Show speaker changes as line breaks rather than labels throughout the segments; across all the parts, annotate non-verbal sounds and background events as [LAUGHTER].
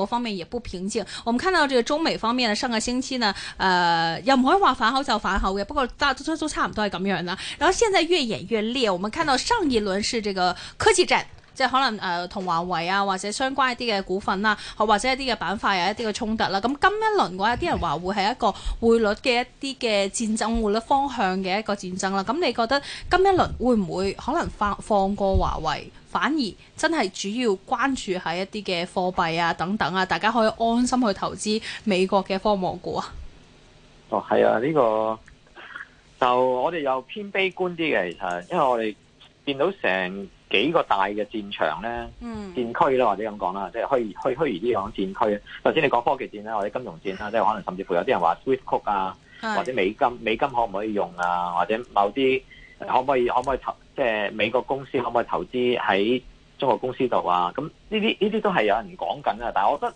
各方面也不平靜，我們看到這個中美方面呢，上個星期呢，誒、呃，又唔可以話反口就反口，嘅。不過大都都差唔多係咁樣啦。然後現在越演越烈，我們看到上一輪是這個科技戰，即、就、係、是、可能誒同、呃、華為啊或者相關一啲嘅股份啦、啊，或或者一啲嘅板塊有、啊、一啲嘅衝突啦、啊。咁今一輪嘅話，有啲人話會係一個匯率嘅一啲嘅戰爭，匯率方向嘅一個戰爭啦。咁你覺得今一輪會唔會可能放放過華為？反而真係主要關注喺一啲嘅貨幣啊等等啊，大家可以安心去投資美國嘅科網股啊。
哦，係啊，呢、呢個就我哋又偏悲觀啲嘅，其實，因為我哋見到成幾個大嘅戰場咧、嗯，戰區啦、啊，或者咁講啦，即係虛虛虛擬啲講戰區。頭先你講科技戰啦，或者金融戰啦，即係可能甚至乎有啲人話 Swift Code 啊，或者美金美金可唔可以用啊，或者某啲可唔可以、嗯、可唔可以投？即係美國公司可唔可以投資喺中國公司度啊？咁呢啲呢啲都係有人講緊啊，但係我覺得誒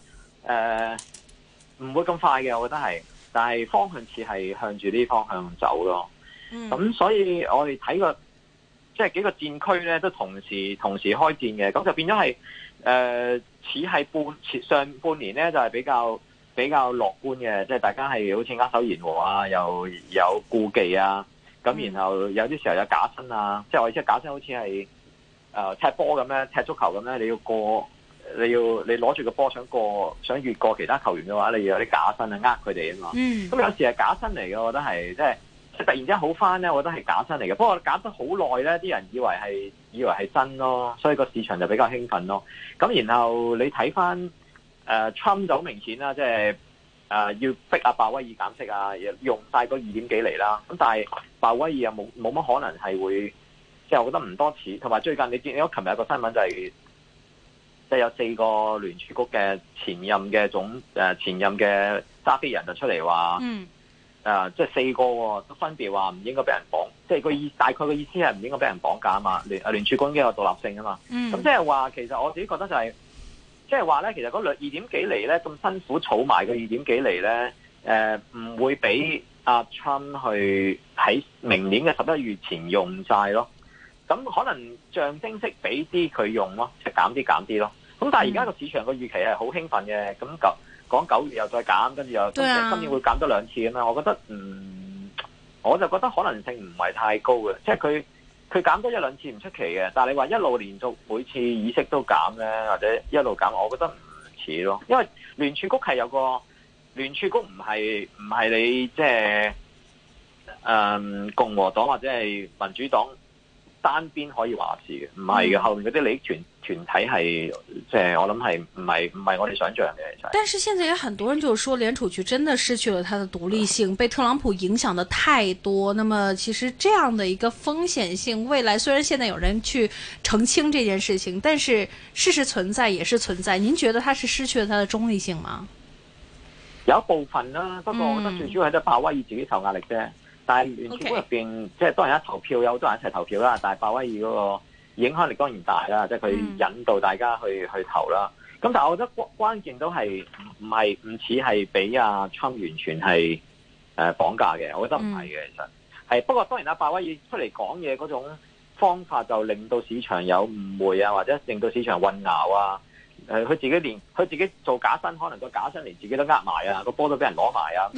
唔、呃、會咁快嘅，我覺得係，但係方向似係向住呢方向走咯。咁、嗯、所以我哋睇過即係幾個戰區咧都同時同時開戰嘅，咁就變咗係誒似係半上半年咧就係、是、比較比較樂觀嘅，即、就、係、是、大家係好似握手言和啊，又有顧忌啊。咁然後有啲時候有假身啊，即係我意思係假身，好似係誒踢波咁咧，踢足球咁咧，你要過，你要你攞住個波想過，想越過其他球員嘅話，你要有啲假身啊，呃、佢哋啊嘛，咁，嗯，有時係假身嚟嘅，我覺得係即係突然之間好翻咧，我覺得係假身嚟嘅。不過假得好耐咧，啲人以為係以為係真咯，所以個市場就比較興奮咯。咁然後你睇翻誒 Trump 就好明顯啦，即係。啊！要逼阿鮑威爾減息啊！用晒個二點幾厘啦。咁但係鮑威爾又冇冇乜可能係會，即係我覺得唔多似。同埋最近你見我琴日個新聞就係、是，即、就、係、是、有四個聯儲局嘅前任嘅總，誒前任嘅揸飛人出來、mm. 呃、就出嚟話，誒即係四個都分別話唔應該俾人綁，即係個意大概嘅意思係唔應該俾人綁架啊嘛。聯聯儲局嘅有獨立性啊嘛。咁即係話其實我自己覺得就係、是。即係話咧，其實嗰兩二點幾厘咧咁辛苦儲埋個二點幾厘咧，誒、呃、唔會俾阿侵去喺明年嘅十一月前用晒咯。咁可能象徵式俾啲佢用咯，即係減啲減啲咯。咁但係而家個市場個預期係好興奮嘅，咁九講九月又再減，跟住又今年今年會減多兩次咁啦。我覺得嗯，我就覺得可能性唔係太高嘅，即係佢。佢減多一兩次唔出奇嘅，但係你話一路連續每次議息都減咧，或者一路減，我覺得唔似咯，因為聯儲局係有個聯儲局唔係唔係你即係、就是嗯、共和黨或者係民主黨。單邊可以話事嘅，唔係嘅，後面嗰啲利益團團體係，即、呃、係我諗係唔係唔係我哋想象嘅其實，但是
現在有很多人就說聯儲局真的失去了它的獨立性，嗯，被特朗普影響得太多。那麼其實這樣的一個風險性，未來雖然現在有人去澄清這件事情，但是事實存在也是存在。您覺得它是失去了它的中立性嗎？有
一部分啦，啊，不過我覺得最主要係得鮑威爾自己受壓力啫。嗯但係完全入邊，okay. 即係當然一投票有好多人一齊投票啦。但係鮑威爾嗰個影響力當然大啦，即係佢引導大家去、mm. 去投啦。咁但係我覺得關關鍵都係唔係唔似係俾阿侵完全係誒綁架嘅，我覺得唔係嘅其實係、mm.。不過當然阿鮑威爾出嚟講嘢嗰種方法就令到市場有誤會啊，或者令到市場混淆啊。誒、呃，佢自己連佢自己做假新聞可能個假新聞連自己都呃埋啊，個波都俾人攞埋啊。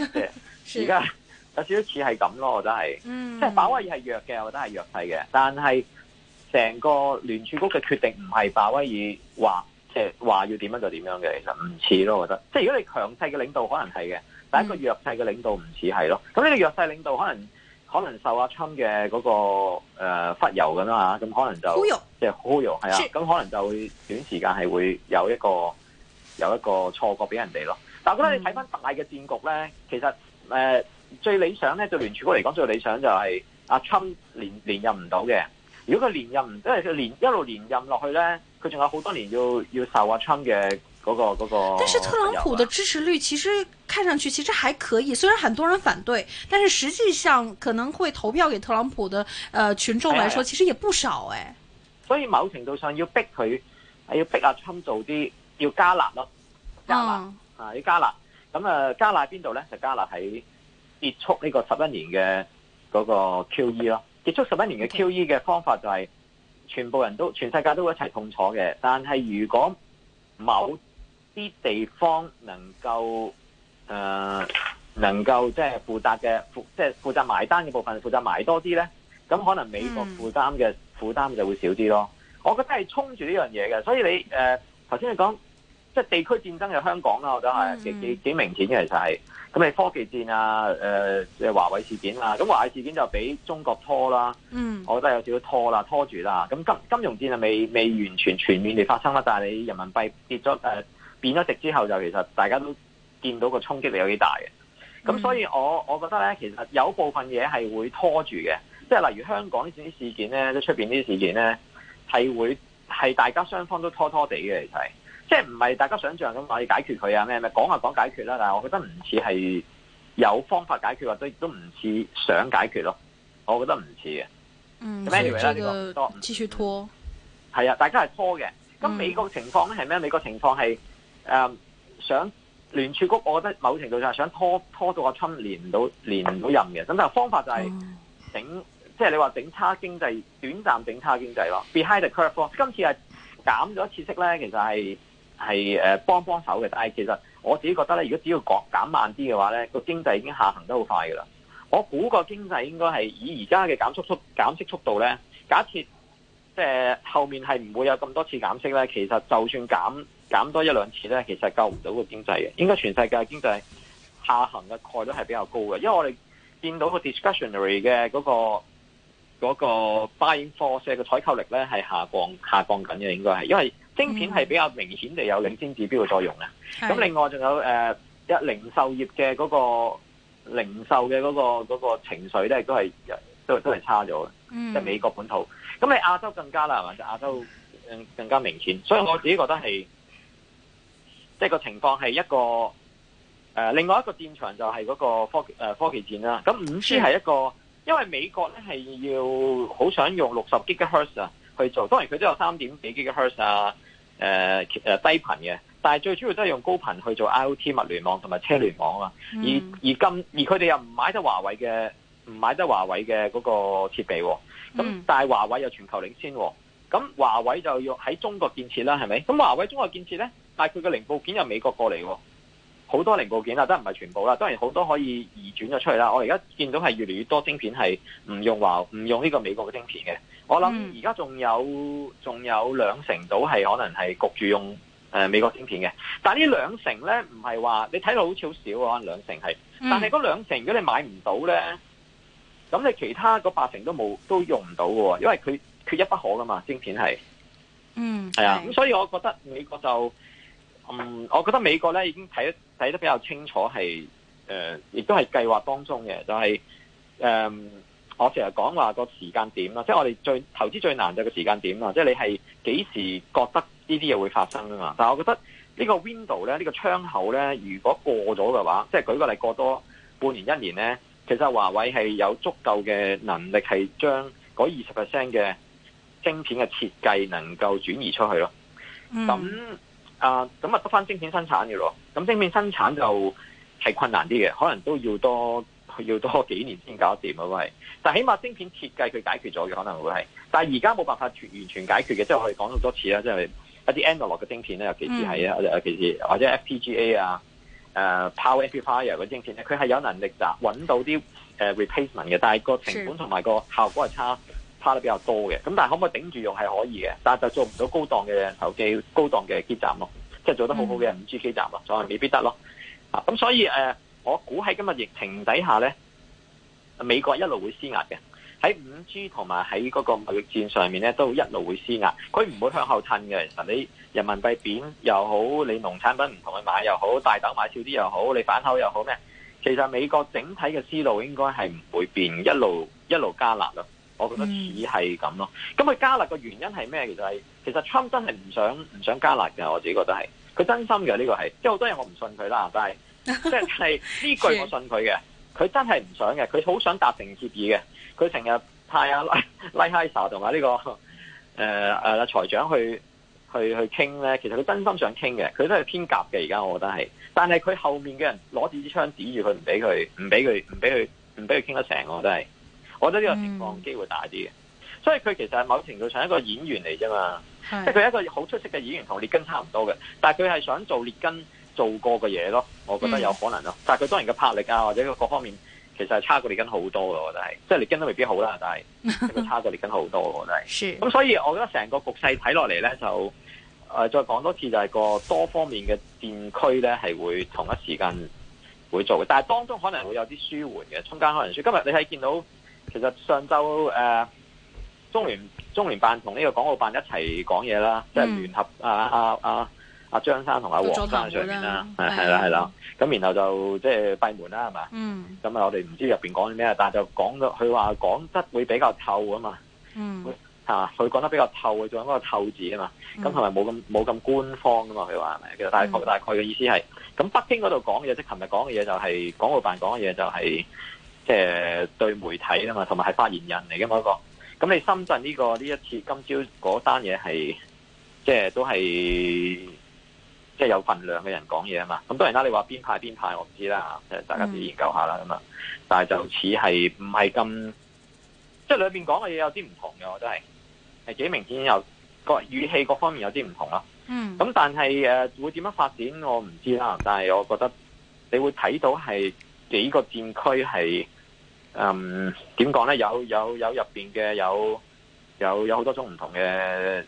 即係而家。 [LAUGHS] 有少少似係咁咯，我覺得係、嗯，即係鮑威爾係弱嘅，我覺得係弱勢嘅。但係成個聯儲局嘅決定唔係鮑威爾話，即係話要點樣就點樣嘅，其實唔似咯，我覺得。即係如果你強勢嘅領導可能係嘅，但係一個弱勢嘅領導唔似係咯。咁呢個弱勢領導可能可能受阿春嘅嗰個忽悠咁啦嚇，咁、呃、可能就即係好悠係啊。咁可能就會短時間係會有一個有一個錯覺俾人哋咯。但係我覺得你睇翻大嘅戰局咧，其實誒。呃最理想咧，對聯儲局嚟講，最理想就係阿侵連連任唔到嘅。如果佢連任，唔即係佢連一路連任落去咧，佢仲有好多年要要受阿侵嘅嗰個、嗰個。但是特朗普
的支持率其實看上去其實還可以，雖然很多人反對，但是實際上可能會投票給特朗普的，呃，羣眾來說其實也不少、欸，
哎。所以某程度上要逼佢，要逼阿侵做啲要加辣咯，加辣嚇要加辣。咁、嗯、啊，加辣邊度咧？就加辣喺。結束呢個十一年嘅嗰個 QE 咯，結束十一年嘅 QE 嘅方法就係全部人都全世界都會一齊痛楚嘅，但係如果某啲地方能夠誒、呃、能夠即係負責嘅負即係負責埋單嘅部分負責埋多啲咧，咁可能美國負擔嘅負擔就會少啲咯。我覺得係衝住呢樣嘢嘅，所以你誒頭先你講。即係地區戰爭係香港啦，我覺得係幾幾幾明顯嘅，mm -hmm. 其實係咁。係科技戰啊，誒、呃，即係華為事件啊，咁華為事件就俾中國拖啦，mm -hmm. 我覺得有少少拖啦，拖住啦。咁金金融戰就未未完全全面地發生啦，但係你人民幣跌咗誒，貶咗值之後就其實大家都見到個衝擊力有幾大嘅。咁所以我，我我覺得咧，其實有部分嘢係會拖住嘅，即、就、係、是、例如香港呢啲事件咧，即出出邊呢啲事件咧，係會係大家雙方都拖拖地嘅，其實。即係唔係大家想象咁話要解決佢啊咩，咪講啊講解決啦，但係我覺得唔似係有方法解決，或者亦都唔似想解決咯。我覺得唔似
嘅。嗯，所啦，呢、這個持續拖
係啊，大家係拖嘅。咁美國情況咧係咩？美國情況係誒想聯儲局，我覺得某程度上係想拖，拖到阿侵連唔到，連唔到任嘅。咁但係方法就係整、嗯，即係你話整差經濟，短暫整差經濟咯。Behind the curve，loss，今次係減咗一次息咧，其實係。係誒幫幫手嘅，但係其實我自己覺得咧，如果只要角減慢啲嘅話咧，個經濟已經下行得好快噶啦。我估個經濟應該係以而家嘅減速速減息速度咧，假設即係、呃、後面係唔會有咁多次減息咧，其實就算減減多一兩次咧，其實救唔到個經濟嘅。應該全世界經濟下行嘅概率係比較高嘅，因為我哋見到個 discretionary 嘅嗰個嗰個 buying force 嘅採購力咧係下降下降緊嘅，應該係因為晶片係比較明顯地有領先指標嘅作用嘅，咁另外仲有誒、呃、一零售業嘅嗰、嗰個零售嘅嗰、嗰個、嗰個情緒咧，都係都都係差咗嘅。嗯，喺美國本土，咁你亞洲更加啦，係嘛？喺亞洲更加明顯。所以我自己覺得係即係個情況係一個誒、呃、另外一個戰場就係嗰個科誒、呃、科技戰啦。咁五 G 係一個，因為美國咧係要好想用六十 GHz 啊去做，當然佢都有三點幾吉赫茲啊。誒、呃、誒低頻嘅，但係最主要都係用高頻去做 IOT 物聯網同埋車聯網啊嘛、嗯，而而咁而佢哋又唔買得華為嘅，唔買得華為嘅嗰個設備、哦，
咁、嗯、但
係華為又全球領先、哦，咁華為就要喺中國建設啦，係咪？咁華為中國建設咧，但係佢嘅零部件由美國過嚟、哦。好多零部件啦，都唔係全部啦，當然好多可以移轉咗出去啦。我而家見到係越嚟越多晶片係唔用話唔用呢個美國嘅晶片嘅。我諗而家仲有仲、嗯、有兩成到係可能係焗住用美國晶片嘅。但係呢兩成咧唔係話你睇落好似好少、啊、可能兩成係。但係嗰兩成如果你買唔到咧，咁、嗯、你其他嗰八成都冇都用唔到嘅喎，因為佢缺一不可噶嘛，晶片係。嗯。係啊。咁所以我覺得美國就。嗯，我覺得美國咧已經睇睇得比較清楚是，係、呃、誒，亦都係計劃當中嘅。就係、是、誒、呃，我成日講話個時間點啦，即、就、係、是、我哋最投資最難就係個時間點啦，即、就、係、是、你係幾時覺得呢啲嘢會發生啊嘛。但係我覺得呢個 window 咧，呢、這個窗口咧，如果過咗嘅話，即、就、係、是、舉個例過多半年一年咧，其實華為係有足夠嘅能力係將嗰二十 percent 嘅晶片嘅設計能夠轉移出去咯。咁啊，咁啊得翻晶片生產嘅咯，咁芯片生產就係困難啲嘅，可能都要多要多幾年先搞掂啊！喂、就是，但起碼晶片設計佢解決咗嘅可能會係，但係而家冇辦法完全解決嘅，即係我哋講好多次啦，即係一啲 analog 嘅晶片咧，尤其是係啊，尤其是或者 FPGA 啊，啊，power amplifier 嘅晶片咧，佢係有能力就揾到啲 replacement 嘅，但係個成本同埋個效果係差。差得比較多嘅，咁但係可唔可以頂住用係可以嘅，但係就做唔到高檔嘅手機、高檔嘅基站咯，即係做得好好嘅五 G 基站咯，就未必得咯。咁所以誒，我估喺今日疫情底下咧，美國一路會施壓嘅，喺五 G 同埋喺嗰個貿易戰上面咧都一路會施壓，佢唔會向後褪嘅。其實你人民幣貶又好，你農產品唔同佢買又好，大豆買少啲又好，你反口又好咩，其實美國整體嘅思路應該係唔會變，一路一路加辣咯。我覺得似係咁咯，咁、嗯、佢加辣個原因係咩？其實係其實 Trump 真係唔想唔想加辣嘅，我自己覺得係佢真心嘅呢、這個係，即係好多人我唔信佢啦，但係 [LAUGHS] 即係呢句我信佢嘅，佢真係唔想嘅，佢好想達成協議嘅，佢成日派阿、啊、拉哈薩同埋呢個誒誒、呃啊、財長去去去傾咧，其實佢真心想傾嘅，佢都係偏夾嘅而家，我覺得係，但係佢後面嘅人攞住支槍指住佢，唔俾佢唔俾佢唔俾佢唔俾佢傾得成，我覺得係。我覺得呢個情況機會大啲嘅、嗯，所以佢其實係某程度上一個演員嚟啫嘛係。即係佢一個好出色嘅演員，同列根差唔多嘅。但係佢係想做列根做過嘅嘢咯，我覺得有可能咯。嗯、但係佢當然嘅魄力啊，或者各方面其實係差過列根好多嘅。但但 [LAUGHS] 但多但我覺得係即係列根都未必好啦，但係佢差過列根好多嘅，我覺得係。咁所以，我覺得成個局勢睇落嚟咧，就誒、呃、再講多次就係個多方面嘅戰區咧，係會同一時間會做嘅。但係當中可能會有啲舒緩嘅，中間可能說。今日你係見到。其實上周誒、啊，中聯中聯辦同呢個港澳辦一齊講嘢啦，即係聯合阿阿阿阿張生同阿黃生上面啦，係係啦係啦，咁然後就即係閉門啦，係嘛，咁、嗯、啊、嗯嗯嗯、我哋唔知入邊講啲咩但係就講到佢話講得會比較透啊嘛，嗯吓佢講得比較透啊，仲有個透字啊嘛，咁係咪冇咁冇咁官方噶嘛？佢話係咪？其實大概、嗯、大概嘅意思係，咁北京嗰度講嘅嘢，即係琴日講嘅嘢，就係、是就是、港澳辦講嘅嘢，就係。即係對媒體啊嘛，同埋係發言人嚟嘅嗰個。咁你深圳呢個呢一次今朝嗰單嘢係，即係都係即係有份量嘅人講嘢啊嘛。咁當然啦，你話邊派邊派，我唔知啦吓，誒，大家自己研究下啦咁啊。但係就似係唔係咁，即係裏邊講嘅嘢有啲唔同嘅，我都係係幾明顯有個語氣各方面有啲唔同咯。嗯。咁但係誒會點樣發展我唔知啦，但係我覺得你會睇到係幾個戰區係。嗯，點講咧？有有有入邊嘅有有有好多種唔同嘅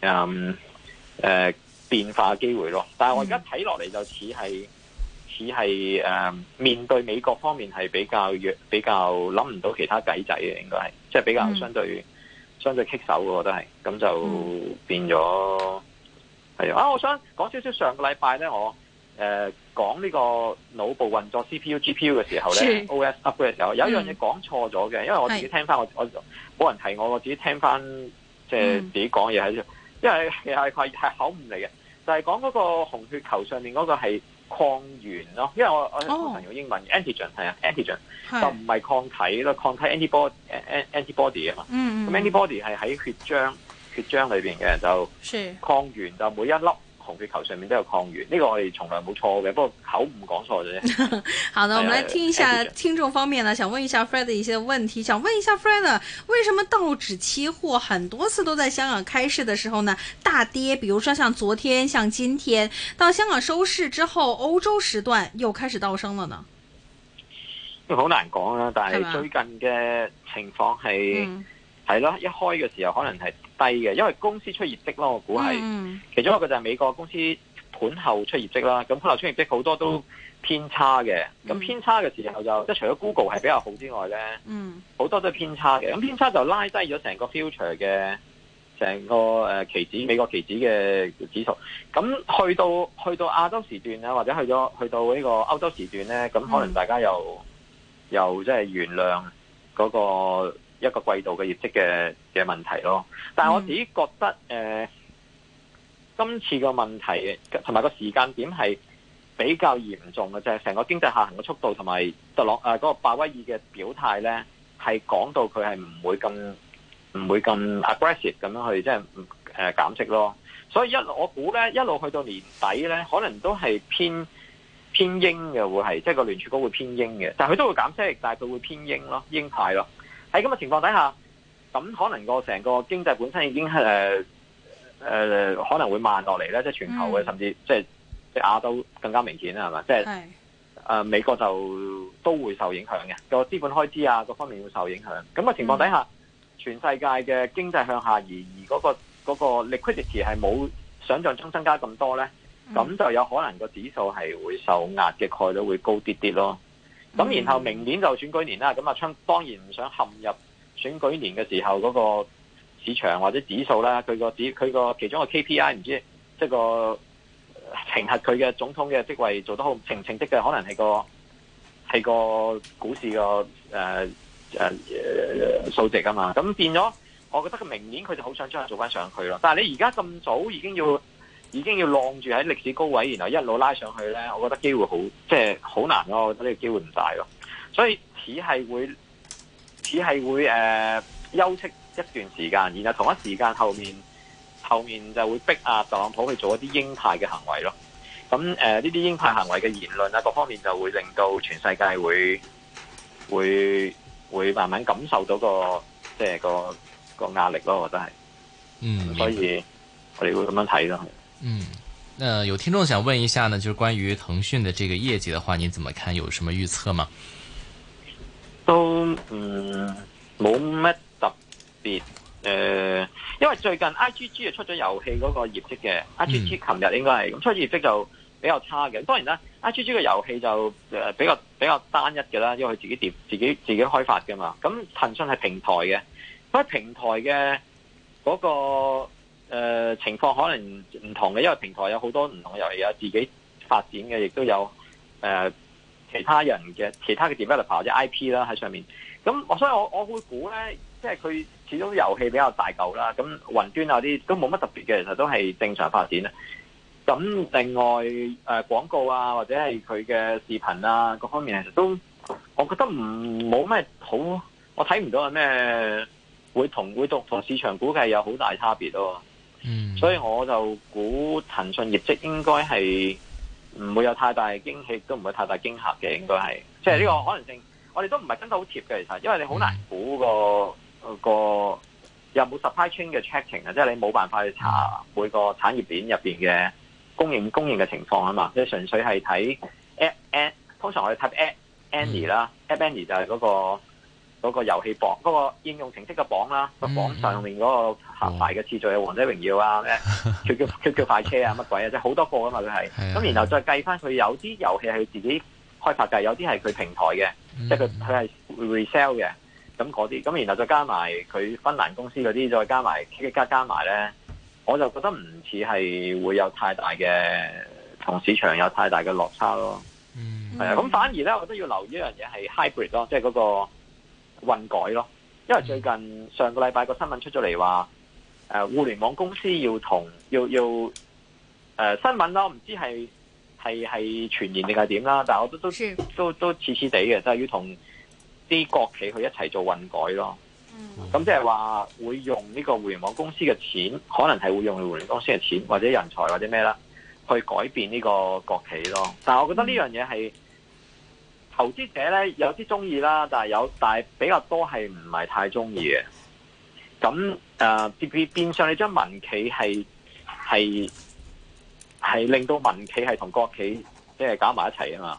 嗯誒、呃、變化機會咯。但係我而家睇落嚟就似係似係誒面對美國方面係比較弱，比較諗唔到其他計仔嘅，應該係即係比較相對、嗯、相對棘手嘅，我覺得係咁就變咗係、嗯、啊！我想講少少上個禮拜咧，我。誒、呃、講呢個腦部運作 CPU、GPU 嘅時候咧，OS up 嘅時候，有一樣嘢講錯咗嘅、嗯，因為我自己聽翻我我冇人提我，我自己聽翻即係、嗯、自己講嘢喺度，因為其實係係口誤嚟嘅，就係、是、講嗰個紅血球上面嗰個係抗原咯，因為我、哦、我同朋友英文 antigen 係啊，antigen 是就唔係抗體啦，抗體 antibody 啊嘛，咁、嗯、antibody 係喺血漿血漿裏邊嘅就抗原就每一粒。紅血球上面都有抗原，呢、這個我哋從來冇錯嘅，不過口誤講錯啫。
[LAUGHS] 好的，我們來聽一下聽眾方面呢，想問一下 Fred 一些問題，想問一下 Fred、啊、為什麼道指期貨很多次都在香港開市的時候呢，大跌？比如說像昨天、像今天，到香港收市之後，歐洲時段又開始道升了呢？
好難講啊，但係最近嘅情況係。是係啦，一開嘅時候可能係低嘅，因為公司出業績咯，我估係、嗯，其中一個就係美國公司盤後出業績啦。咁盤後出業績好多都偏差嘅，咁偏差嘅時候就即係除咗 Google 係比較好之外咧，嗯、好多都係偏差嘅。咁偏差就拉低咗成個 future 嘅成個誒、呃、期指，美國期指嘅指數。咁去到去到亞洲時段咧，或者去咗去到呢個歐洲時段咧，咁可能大家又、嗯、又即係原諒嗰、那個。一個季度嘅業績嘅嘅問題咯，但係我自己覺得，誒、嗯呃、今次嘅問題同埋個時間點係比較嚴重嘅就啫。成個經濟下行嘅速度同埋特洛普嗰、呃那個鮑威爾嘅表態咧，係講到佢係唔會咁唔、嗯、會咁 aggressive 咁樣去，即係誒減息咯。所以一我估咧，一路去到年底咧，可能都係偏偏鷹嘅，會係即係個聯儲局會偏鷹嘅，但係佢都會減息，但係佢會偏鷹咯，鷹派咯。喺咁嘅情況底下，咁可能個成個經濟本身已經係誒誒可能會慢落嚟咧，即係全球嘅，嗯、甚至即係亞洲更加明顯啦，係嘛？即係誒、呃、美國就都會受影響嘅，個資本開支啊各方面會受影響。咁嘅情況底下，嗯、全世界嘅經濟向下移而而、嗰、嗰個嗰個 liquidity 係冇想象中增加咁多咧，咁、嗯、就有可能個指數係會受壓嘅概率會高啲啲咯。咁然後明年就選舉年啦，咁阿侵當然唔想陷入選舉年嘅時候嗰個市場或者指數啦，佢個指佢個其中個 KPI 唔知即、即係、個評核佢嘅總統嘅職位做得好成成績嘅，可能係個係個股市個誒誒數值啊嘛，咁變咗，我覺得佢明年佢就好想將佢做翻上去咯，但係你而家咁早已經要。已經要晾住喺歷史高位，然後一路拉上去呢，我覺得機會好，即係好難咯。我覺得呢個機會唔大咯。所以只係會，只係會誒、呃、休息一段時間，然後同一時間後面後面就會逼壓特朗普去做一啲鷹派嘅行為咯。咁誒呢啲鷹派行為嘅言論啊，各方面就會令到全世界會會會慢慢感受到個即係個個壓力咯。我覺得係，嗯，所以我哋會咁樣睇咯。嗯、呃，有聽眾想問一下呢，就是關於騰訊的這個業績的話，你怎麼看？有什麼預測嗎？都，嗯，冇乜特別誒、呃，因為最近 I G G 出咗遊戲嗰個業績嘅，I G G 琴日應該係出業績就比較差嘅。當然啦，I G G 嘅遊戲就比較比較單一嘅啦，因為佢自己自己自己開發噶嘛。咁騰訊係平台嘅，咁平台嘅嗰、嗰個。誒、呃，情況可能唔同嘅，因為平台有好多唔同遊戲啊，有自己發展嘅，亦都有誒、呃、其他人嘅其他嘅 developer 或者 IP 啦喺上面。咁，所以我我會估咧，即係佢始終遊戲比較大嚿啦。咁雲端啊啲都冇乜特別嘅，其實都係正常發展啦。咁另外誒廣告啊或者係佢嘅視頻啊各方面，其實都我覺得唔冇咩好，我睇唔到有咩會同會同市場估計有好大差別咯、啊。 [MUSIC] 所以我就估騰訊業績應該係唔會有太大驚喜，都唔會太大驚嚇嘅，應該係，即係呢個可能性，我哋都唔係跟得好貼嘅，其實，因為你好難估個 [MUSIC] 個，個沒有冇 supply chain 嘅 checking 啊，即係你冇辦法去查每個產業鏈入邊嘅供應供應嘅情況啊嘛，即係、就是、純粹係睇 An，通常我哋睇 app Anny 啦，Anny 就係嗰、那個。嗰、那個遊戲榜，嗰、那個應用程式嘅榜啦，個、嗯、榜上面嗰個下排嘅次序有《王者榮耀》啊，咩、哦《QQ QQ [LAUGHS] 快車》啊，乜鬼啊，即係好多個啊嘛，佢係。咁然後再計翻，佢有啲遊戲係佢自己開發嘅，有啲係佢平台嘅，即係佢佢係 resell 嘅。咁嗰啲，咁然後再加埋佢芬蘭公司嗰啲，再加埋加加埋咧，我就覺得唔似係會有太大嘅同市場有太大嘅落差咯。係、嗯、啊，咁反而咧，我覺得要留意一樣嘢係 hybrid 咯、啊，即係嗰個。混改咯，因為最近上個禮拜個新聞出咗嚟話，誒、呃、互聯網公司要同要要誒、呃、新聞啦，我唔知係係係傳言定係點啦，但係我都都都都似似地嘅，都係、就是、要同啲國企去一齊做混改咯。嗯，咁即係話會用呢個互聯網公司嘅錢，可能係會用互聯網公司嘅錢或者人才或者咩啦，去改變呢個國企咯。但係我覺得呢樣嘢係。投資者咧有啲中意啦，但係有但係比較多係唔係太中意嘅。咁誒變變相你將民企係係係令到民企係同國企即係搞埋一齊啊嘛。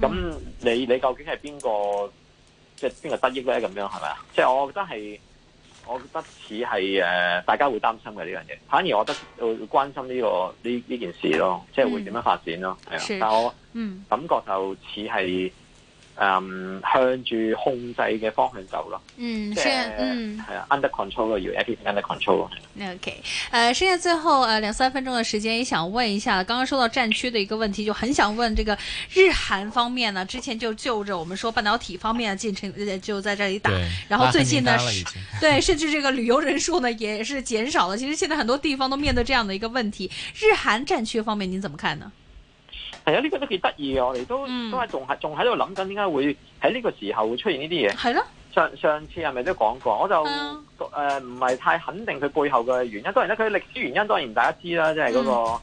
咁你你究竟係邊個即係邊個得益咧？咁樣係咪啊？即係我覺得係。我覺得似係誒，大家會擔心嘅呢樣嘢。反而我覺得會關心呢、呢個呢呢件事咯，即係會點樣發展咯，係、嗯、啊。但係我感覺就似係。嗯、um,，向住控制嘅方向走咯。
嗯、即、呃、嗯，
係啊，under control 咯，要 appreciate under control 咯、okay.
呃。o k a 誒，剩下最後誒、呃、兩三分鐘嘅時間，也想問一下，剛剛說到戰區嘅一個問題，就很想問，這個日韓方面呢，之前就就着我們說半導體方面啊，進程就在這裏打，然後最近呢，對， [LAUGHS] 甚至這個旅遊人數呢，也是減少了。其實現在很多地方都面對這樣的一個問題，日韓戰區方面，您怎麼看呢？
係啊，呢個都幾得意嘅，我哋都、嗯、都係仲係仲喺度諗緊點解會喺呢個時候會出現呢啲嘢。係咯，上上次係咪都講過？我就誒唔係太肯定佢背後嘅原因。當然啦，佢歷史原因當然大家知啦，即係嗰個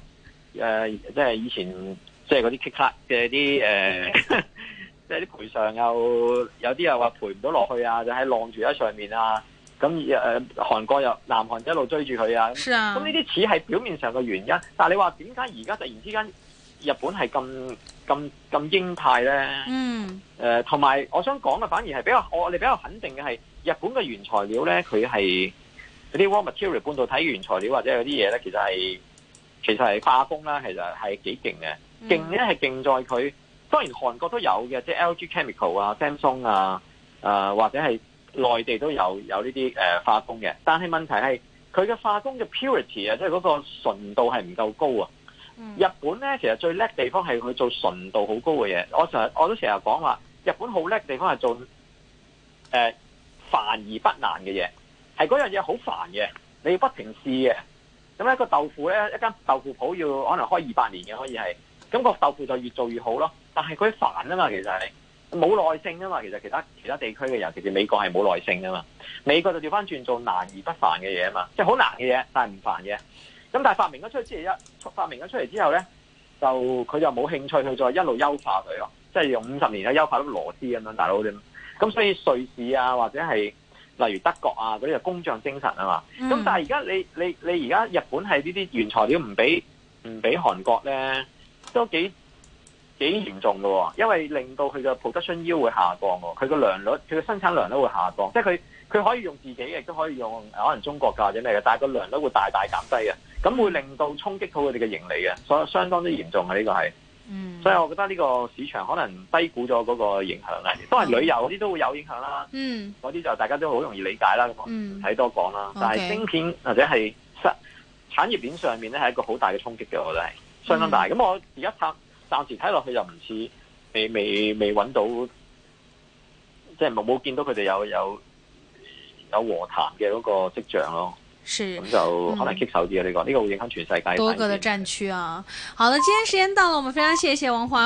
即係、嗯呃就是、以前即係嗰啲 kick up 嘅啲誒，即係啲賠償又有啲又話賠唔到落去啊，就喺、是、晾住喺上面啊。咁誒、呃、韓國又南韓一路追住佢啊。咁呢啲似係表面上嘅原因，但係你話點解而家突然之間？日本係咁咁咁鷹派咧，嗯，誒、呃，同埋我想講嘅反而係比較我哋比較肯定嘅係日本嘅原材料咧，佢係嗰啲 raw material，半導體原材料或者有啲嘢咧，其實係其實係化工啦，其實係幾勁嘅。勁咧係勁在佢，當然韓國都有嘅，即係 LG Chemical 啊、Samsung 啊、誒、呃、或者係內地都有有呢啲誒化工嘅，但係問題係佢嘅化工嘅 purity 啊，即係嗰個純度係唔夠高啊。嗯、日本咧，其實最叻地方係去做純度好高嘅嘢。我成日我都成日講話，日本好叻地方係做誒煩、呃、而不難嘅嘢，係嗰樣嘢好煩嘅，你要不停試嘅。咁、那、咧個豆腐咧，一間豆腐鋪要可能開二百年嘅，可以係咁、那個豆腐就越做越好咯。但係佢煩啊嘛，其實係冇耐性啊嘛。其實其他其他地區嘅人，其實美國係冇耐性噶嘛。美國就調翻轉做難而不煩嘅嘢啊嘛，即係好難嘅嘢，但係唔煩嘅。咁但係發明咗出嚟之後，一發明咗出嚟之後咧，就佢就冇興趣去再一路優化佢咯，即係用五十年咧優化啲螺絲咁樣，大佬啲。咁所以瑞士啊，或者係例如德國啊嗰啲就工匠精神啊嘛。咁但係而家你你你而家日本係呢啲原材料唔俾唔俾韓國咧，都幾幾嚴重噶啊，因為令到佢嘅 production yield 會下降喎。佢個良率，佢嘅生產量都會下降，即係佢佢可以用自己，亦都可以用可能中國噶或者咩嘅，但係個良率會大大減低嘅。咁會令到衝擊到佢哋嘅盈利嘅，所以相當之嚴重嘅呢個係、嗯，所以我覺得呢個市場可能低估咗嗰個影響、嗯、當然都係旅遊嗰啲都會有影響啦，嗰、嗯、啲就大家都好容易理解啦，唔、嗯、睇多講啦、嗯。但係芯片、嗯、或者係產產業鏈上面咧，係一個好大嘅衝擊嘅，我覺得係相當大。咁、嗯、我而家睇暫時睇落去又唔似未未未搵到，即係冇冇見到佢哋有有有和談嘅嗰個跡象咯。
咁就可能棘
手啲啊！呢個呢個會影響全世界。是多個
的戰區啊！好的，今天時間到了，我們非常謝謝王華。